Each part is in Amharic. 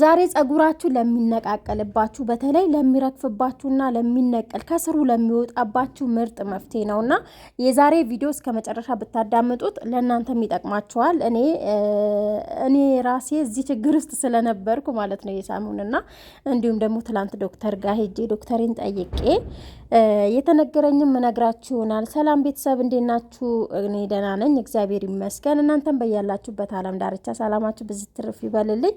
ዛሬ ጸጉራችሁ ለሚነቃቀልባችሁ በተለይ ለሚረግፍባችሁና ለሚነቀል ከስሩ ለሚወጣባችሁ ምርጥ መፍትሄ ነውና የዛሬ ቪዲዮ እስከ መጨረሻ ብታዳምጡት ለእናንተም ይጠቅማችኋል። እኔ እኔ ራሴ እዚህ ችግር ውስጥ ስለነበርኩ ማለት ነው የሳሙንና እንዲሁም ደግሞ ትላንት ዶክተር ጋር ሄጄ ዶክተሬን ጠይቄ የተነገረኝም እነግራችሁ ይሆናል። ሰላም ቤተሰብ እንዴት ናችሁ? እኔ ደህና ነኝ እግዚአብሔር ይመስገን። እናንተም በያላችሁበት ዓለም ዳርቻ ሰላማችሁ ብዝትርፍ ይበልልኝ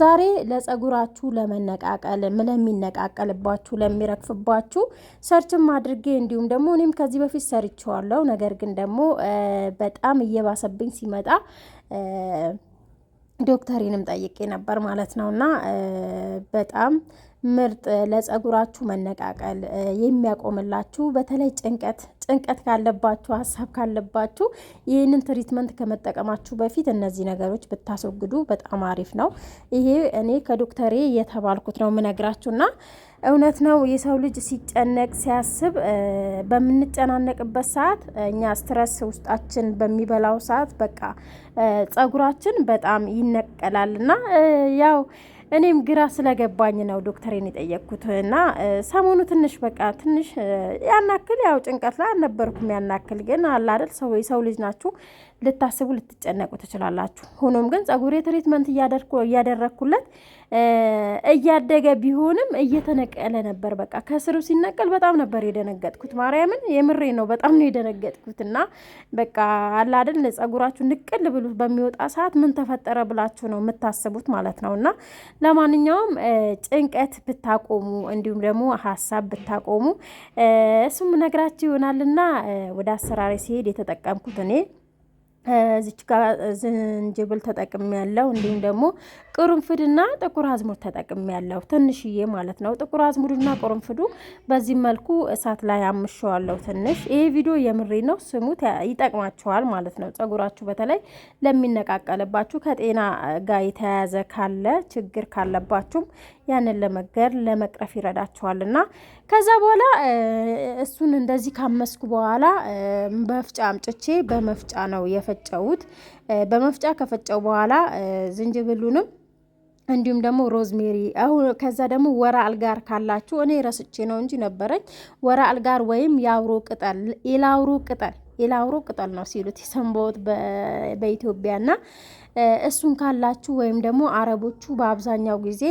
ዛሬ ለጸጉራችሁ ለመነቃቀል ለሚነቃቀልባችሁ ለሚረግፍባችሁ ሰርችም አድርጌ እንዲሁም ደግሞ እኔም ከዚህ በፊት ሰርቼዋለሁ። ነገር ግን ደግሞ በጣም እየባሰብኝ ሲመጣ ዶክተሪንም ጠይቄ ነበር ማለት ነው እና በጣም ምርጥ ለጸጉራችሁ መነቃቀል የሚያቆምላችሁ በተለይ ጭንቀት ጭንቀት ካለባችሁ ሀሳብ ካለባችሁ ይህንን ትሪትመንት ከመጠቀማችሁ በፊት እነዚህ ነገሮች ብታስወግዱ በጣም አሪፍ ነው። ይሄ እኔ ከዶክተሬ የተባልኩት ነው የምነግራችሁና እውነት ነው። የሰው ልጅ ሲጨነቅ ሲያስብ፣ በምንጨናነቅበት ሰዓት እኛ ስትረስ ውስጣችን በሚበላው ሰዓት በቃ ጸጉራችን በጣም ይነቀላልና ያው እኔም ግራ ስለገባኝ ነው ዶክተሬን የጠየቅኩት እና ሰሞኑ ትንሽ በቃ ትንሽ ያናክል ያው ጭንቀት ላይ አልነበርኩም። ያናክል ግን አለ አይደል ሰው የሰው ልጅ ናችሁ ልታስቡ ልትጨነቁ ትችላላችሁ። ሆኖም ግን ጸጉሬ ትሪትመንት እያደረግኩለት እያደገ ቢሆንም እየተነቀለ ነበር። በቃ ከስሩ ሲነቀል በጣም ነበር የደነገጥኩት። ማርያምን የምሬ ነው፣ በጣም ነው የደነገጥኩት። እና በቃ አለ አይደል ጸጉራችሁ ንቅል ብሎ በሚወጣ ሰዓት ምን ተፈጠረ ብላችሁ ነው የምታስቡት ማለት ነው። እና ለማንኛውም ጭንቀት ብታቆሙ እንዲሁም ደግሞ ሀሳብ ብታቆሙ እሱም ነግራችሁ ይሆናልና ወደ አሰራሪ ሲሄድ የተጠቀምኩት እኔ እዚች ጋር ዝንጅብል ተጠቅም ያለው እንዲሁም ደግሞ ቅርንፍድና ጥቁር አዝሙድ ተጠቅም ያለው ትንሽዬ ማለት ነው። ጥቁር አዝሙድና ቅርንፍዱ በዚህ መልኩ እሳት ላይ አምሸዋለሁ ትንሽ። ይሄ ቪዲዮ የምሬ ነው፣ ስሙት፣ ይጠቅማችኋል ማለት ነው። ጸጉራችሁ በተለይ ለሚነቃቀልባችሁ ከጤና ጋር የተያያዘ ካለ ችግር ካለባችሁም ያንን ለመገር ለመቅረፍ ይረዳቸዋል እና ከዛ በኋላ እሱን እንደዚህ ካመስኩ በኋላ መፍጫ አምጥቼ በመፍጫ ነው የፈጨሁት። በመፍጫ ከፈጨው በኋላ ዝንጅብሉንም እንዲሁም ደግሞ ሮዝሜሪ አሁን ከዛ ደግሞ ወራ አልጋር ካላችሁ እኔ ረስቼ ነው እንጂ ነበረኝ። ወራ አልጋር ወይም የአውሮ ቅጠል የላውሮ ቅጠል የላውሮ ቅጠል ነው ሲሉት የሰንበወት በኢትዮጵያ እና እሱን ካላችሁ ወይም ደግሞ አረቦቹ በአብዛኛው ጊዜ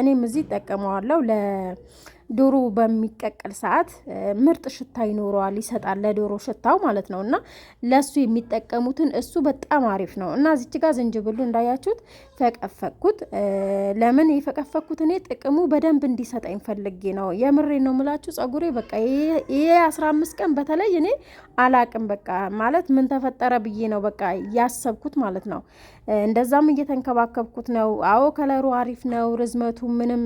እኔም እዚህ እጠቀመዋለሁ ዶሮ በሚቀቀል ሰዓት ምርጥ ሽታ ይኖረዋል፣ ይሰጣል፣ ለዶሮ ሽታው ማለት ነው። እና ለሱ የሚጠቀሙትን እሱ በጣም አሪፍ ነው። እና እዚች ጋር ዝንጅብሉ እንዳያችሁት ፈቀፈኩት። ለምን የፈቀፈኩት? እኔ ጥቅሙ በደንብ እንዲሰጠኝ ፈልጌ ነው። የምሬ ነው ምላችሁ። ጸጉሬ በቃ ይሄ አስራ አምስት ቀን በተለይ እኔ አላቅም፣ በቃ ማለት ምን ተፈጠረ ብዬ ነው በቃ ያሰብኩት ማለት ነው። እንደዛም እየተንከባከብኩት ነው። አዎ ከለሩ አሪፍ ነው። ርዝመቱ ምንም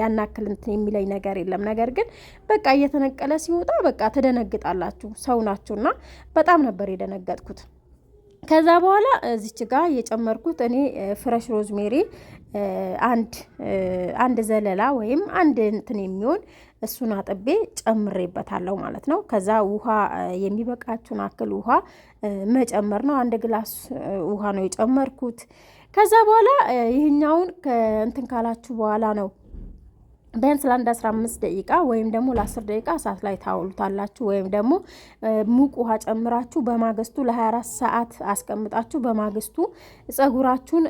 ያናክል እንትን የሚለኝ ነገር የለም። ነገር ግን በቃ እየተነቀለ ሲወጣ በቃ ትደነግጣላችሁ። ሰው ናችሁና በጣም ነበር የደነገጥኩት። ከዛ በኋላ እዚች ጋር የጨመርኩት እኔ ፍረሽ ሮዝሜሪ አንድ አንድ ዘለላ ወይም አንድ እንትን የሚሆን እሱን አጥቤ ጨምሬበታለሁ ማለት ነው። ከዛ ውሃ የሚበቃችሁን አክል ውሃ መጨመር ነው። አንድ ግላስ ውሃ ነው የጨመርኩት። ከዛ በኋላ ይህኛውን እንትን ካላችሁ በኋላ ነው ቢያንስ ለአንድ 15 ደቂቃ ወይም ደግሞ ለ10 ደቂቃ እሳት ላይ ታውሉታላችሁ። ወይም ደግሞ ሙቅ ውሃ ጨምራችሁ በማግስቱ ለ24 ሰዓት አስቀምጣችሁ በማግስቱ ጸጉራችሁን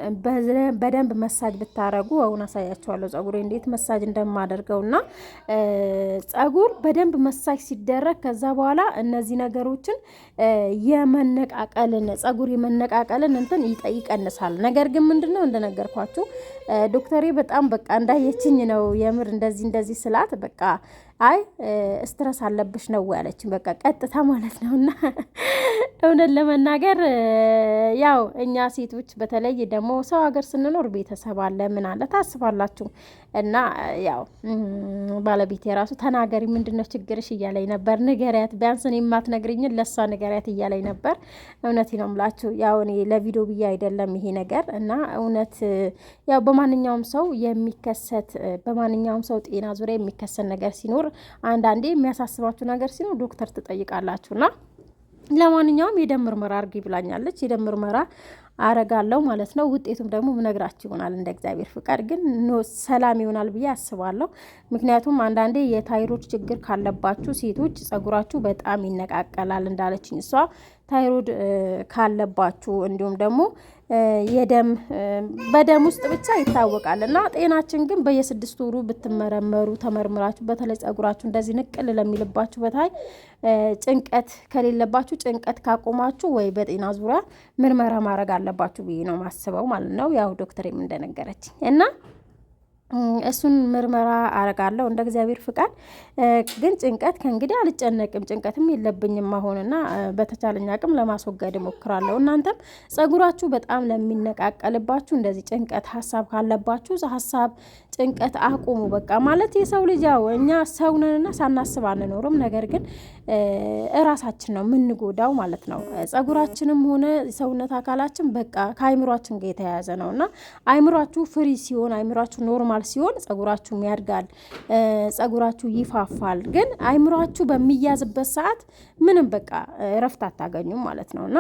በደንብ መሳጅ ብታረጉ አሁን አሳያችኋለሁ ጸጉሬ እንዴት መሳጅ እንደማደርገው እና ጸጉር በደንብ መሳጅ ሲደረግ ከዛ በኋላ እነዚህ ነገሮችን የመነቃቀልን ጸጉር የመነቃቀልን እንትን ይቀንሳል። ነገር ግን ምንድነው እንደነገርኳችሁ ዶክተሬ በጣም በቃ እንዳየችኝ ነው የምር እንደዚህ እንደዚህ ስላት በቃ አይ ስትረስ አለብሽ ነው ያለችን። በቃ ቀጥታ ማለት ነው። እና እውነት ለመናገር ያው እኛ ሴቶች በተለይ ደግሞ ሰው ሀገር ስንኖር ቤተሰብ አለ ምን አለ ታስባላችሁ። እና ያው ባለቤት የራሱ ተናገሪ፣ ምንድነው ችግርሽ እያለኝ ነበር። ንገሪያት፣ ቢያንስ እኔ የማትነግርኝን ለእሷ ንገሪያት እያለኝ ነበር። እውነት ነው የምላችሁ። ያው እኔ ለቪዲዮ ብዬ አይደለም ይሄ ነገር እና እውነት ያው በማንኛውም ሰው የሚከሰት በማንኛውም ሰው ጤና ዙሪያ የሚከሰት ነገር ሲኖር ሲኖር አንዳንዴ የሚያሳስባችሁ ነገር ሲኖር ዶክተር ትጠይቃላችሁና ለማንኛውም የደም ምርመራ አድርጊ ብላኛለች። የደም ምርመራ አረጋለሁ ማለት ነው። ውጤቱም ደግሞ ነግራችሁ ይሆናል እንደ እግዚአብሔር ፍቃድ። ግን ሰላም ይሆናል ብዬ አስባለሁ። ምክንያቱም አንዳንዴ የታይሮድ ችግር ካለባችሁ ሴቶች ጸጉራችሁ በጣም ይነቃቀላል እንዳለችኝ እሷ ታይሮድ ካለባችሁ እንዲሁም ደግሞ የደም በደም ውስጥ ብቻ ይታወቃል እና ጤናችን ግን በየስድስት ወሩ ብትመረመሩ ተመርምራችሁ፣ በተለይ ጸጉራችሁ እንደዚህ ንቅል ለሚልባችሁ በታይ ጭንቀት ከሌለባችሁ ጭንቀት ካቆማችሁ ወይ በጤና ዙሪያ ምርመራ ማድረግ አለ አለባችሁ ብዬ ነው ማስበው ማለት ነው። ያው ዶክተሬም እንደነገረች እና እሱን ምርመራ አረጋለሁ እንደ እግዚአብሔር ፍቃድ። ግን ጭንቀት ከእንግዲህ አልጨነቅም፣ ጭንቀትም የለብኝም አሁንና በተቻለኝ አቅም ለማስወገድ እሞክራለሁ። እናንተም ጸጉራችሁ በጣም ለሚነቃቀልባችሁ እንደዚህ ጭንቀት ሀሳብ ካለባችሁ ሀሳብ ጭንቀት አቁሙ። በቃ ማለት የሰው ልጅ ያው እኛ ሰው ነንና ሳናስብ አንኖርም። ነገር ግን እራሳችን ነው የምንጎዳው ማለት ነው። ጸጉራችንም ሆነ ሰውነት አካላችን በቃ ከአይምሯችን ጋር የተያያዘ ነው እና አይምሯችሁ ፍሪ ሲሆን፣ አይምሯችሁ ኖርማል ሲሆን ጸጉራችሁም ያድጋል፣ ጸጉራችሁ ይፋፋል። ግን አይምሯችሁ በሚያዝበት ሰዓት ምንም በቃ እረፍት አታገኙም ማለት ነው እና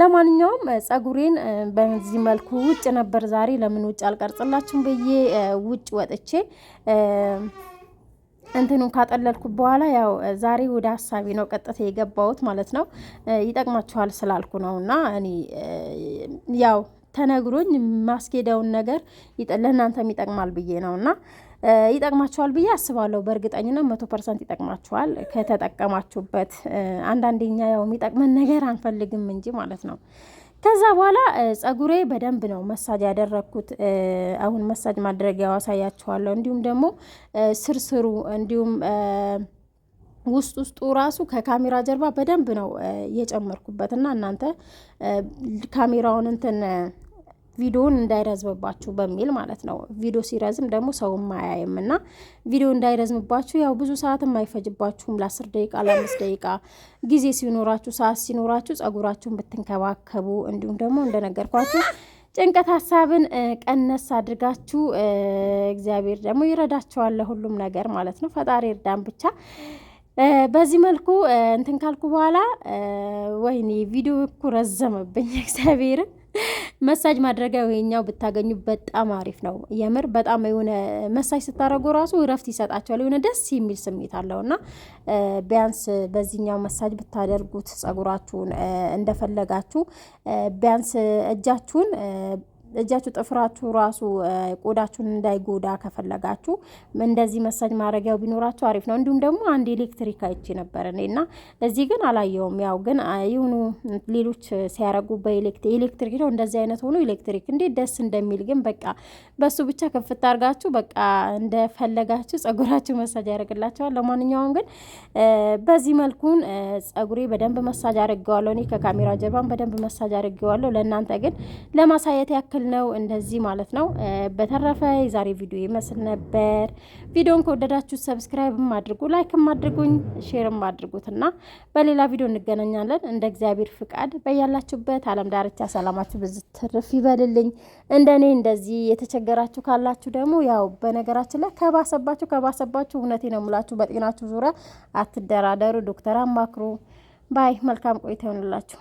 ለማንኛውም ጸጉሬን በዚህ መልኩ ውጭ ነበር ዛሬ ለምን ውጭ አልቀርጽላችሁም ብዬ ውጭ ውጭ ወጥቼ እንትኑን ካጠለልኩ በኋላ ያው ዛሬ ወደ ሀሳቢ ነው ቀጥታ የገባሁት ማለት ነው። ይጠቅማችኋል ስላልኩ ነው እና እኔ ያው ተነግሮኝ ማስኬደውን ነገር ለእናንተም ይጠቅማል ብዬ ነው እና ይጠቅማችኋል ብዬ አስባለሁ። በእርግጠኝነት መቶ ፐርሰንት ይጠቅማችኋል ከተጠቀማችሁበት። አንዳንዴኛ ያው የሚጠቅመን ነገር አንፈልግም እንጂ ማለት ነው። ከዛ በኋላ ጸጉሬ በደንብ ነው መሳጅ ያደረግኩት። አሁን መሳጅ ማድረጊያው አሳያችኋለሁ። እንዲሁም ደግሞ ስርስሩ እንዲሁም ውስጥ ውስጡ ራሱ ከካሜራ ጀርባ በደንብ ነው የጨመርኩበት እና እናንተ ካሜራውን እንትን ቪዲዮን እንዳይረዝምባችሁ በሚል ማለት ነው። ቪዲዮ ሲረዝም ደግሞ ሰውም አያይም እና ቪዲዮ እንዳይረዝምባችሁ ያው ብዙ ሰዓት የማይፈጅባችሁም ለአስር ደቂቃ ለአምስት ደቂቃ ጊዜ ሲኖራችሁ ሰዓት ሲኖራችሁ ጸጉራችሁን ብትንከባከቡ እንዲሁም ደግሞ እንደነገርኳችሁ ጭንቀት ሀሳብን ቀነስ አድርጋችሁ እግዚአብሔር ደግሞ ይረዳችኋል ለሁሉም ነገር ማለት ነው። ፈጣሪ እርዳን ብቻ። በዚህ መልኩ እንትን ካልኩ በኋላ ወይኔ ቪዲዮ እኮ ረዘመብኝ እግዚአብሔርን መሳጅ ማድረጊያ ይሄኛው ብታገኙ በጣም አሪፍ ነው። የምር በጣም የሆነ መሳጅ ስታደረጉ ራሱ እረፍት ይሰጣቸዋል። የሆነ ደስ የሚል ስሜት አለው እና ቢያንስ በዚህኛው መሳጅ ብታደርጉት ጸጉራችሁን እንደፈለጋችሁ ቢያንስ እጃችሁን እጃችሁ ጥፍራችሁ ራሱ ቆዳችሁን እንዳይጎዳ ከፈለጋችሁ እንደዚህ መሳጅ ማድረጊያው ቢኖራችሁ አሪፍ ነው። እንዲሁም ደግሞ አንድ ኤሌክትሪክ አይቼ ነበር እኔ እና እዚህ ግን አላየውም። ያው ግን ይሁኑ ሌሎች ሲያረጉ በኤሌክትሪክ ነው እንደዚህ አይነት ሆኖ ኤሌክትሪክ እንዴት ደስ እንደሚል ግን በቃ በሱ ብቻ ከፍት አድርጋችሁ በቃ እንደፈለጋችሁ ጸጉራችሁ መሳጅ ያደርግላቸዋል። ለማንኛውም ግን በዚህ መልኩን ጸጉሬ በደንብ መሳጅ አድርገዋለሁ። እኔ ከካሜራ ጀርባን በደንብ መሳጅ አድርገዋለሁ። ለእናንተ ግን ለማሳየት ያክል ክፍል ነው እንደዚህ ማለት ነው። በተረፈ የዛሬ ቪዲዮ ይመስል ነበር። ቪዲዮን ከወደዳችሁ ሰብስክራይብም አድርጉ፣ ላይክም አድርጉኝ፣ ሼርም እና በሌላ ቪዲዮ እንገናኛለን። እንደ እግዚአብሔር ፍቃድ በያላችሁበት አለም ዳርቻ ሰላማችሁ ብዙ ትርፍ ይበልልኝ። እንደኔ እንደዚህ የተቸገራችሁ ካላችሁ ደግሞ ያው በነገራችን ላይ ከባሰባችሁ ከባሰባችሁ እውነቴ ነው የምላችሁ በጤናችሁ ዙሪያ አትደራደሩ፣ ዶክተር አማክሩ። ባይ መልካም ቆይታ ይሆንላችሁ።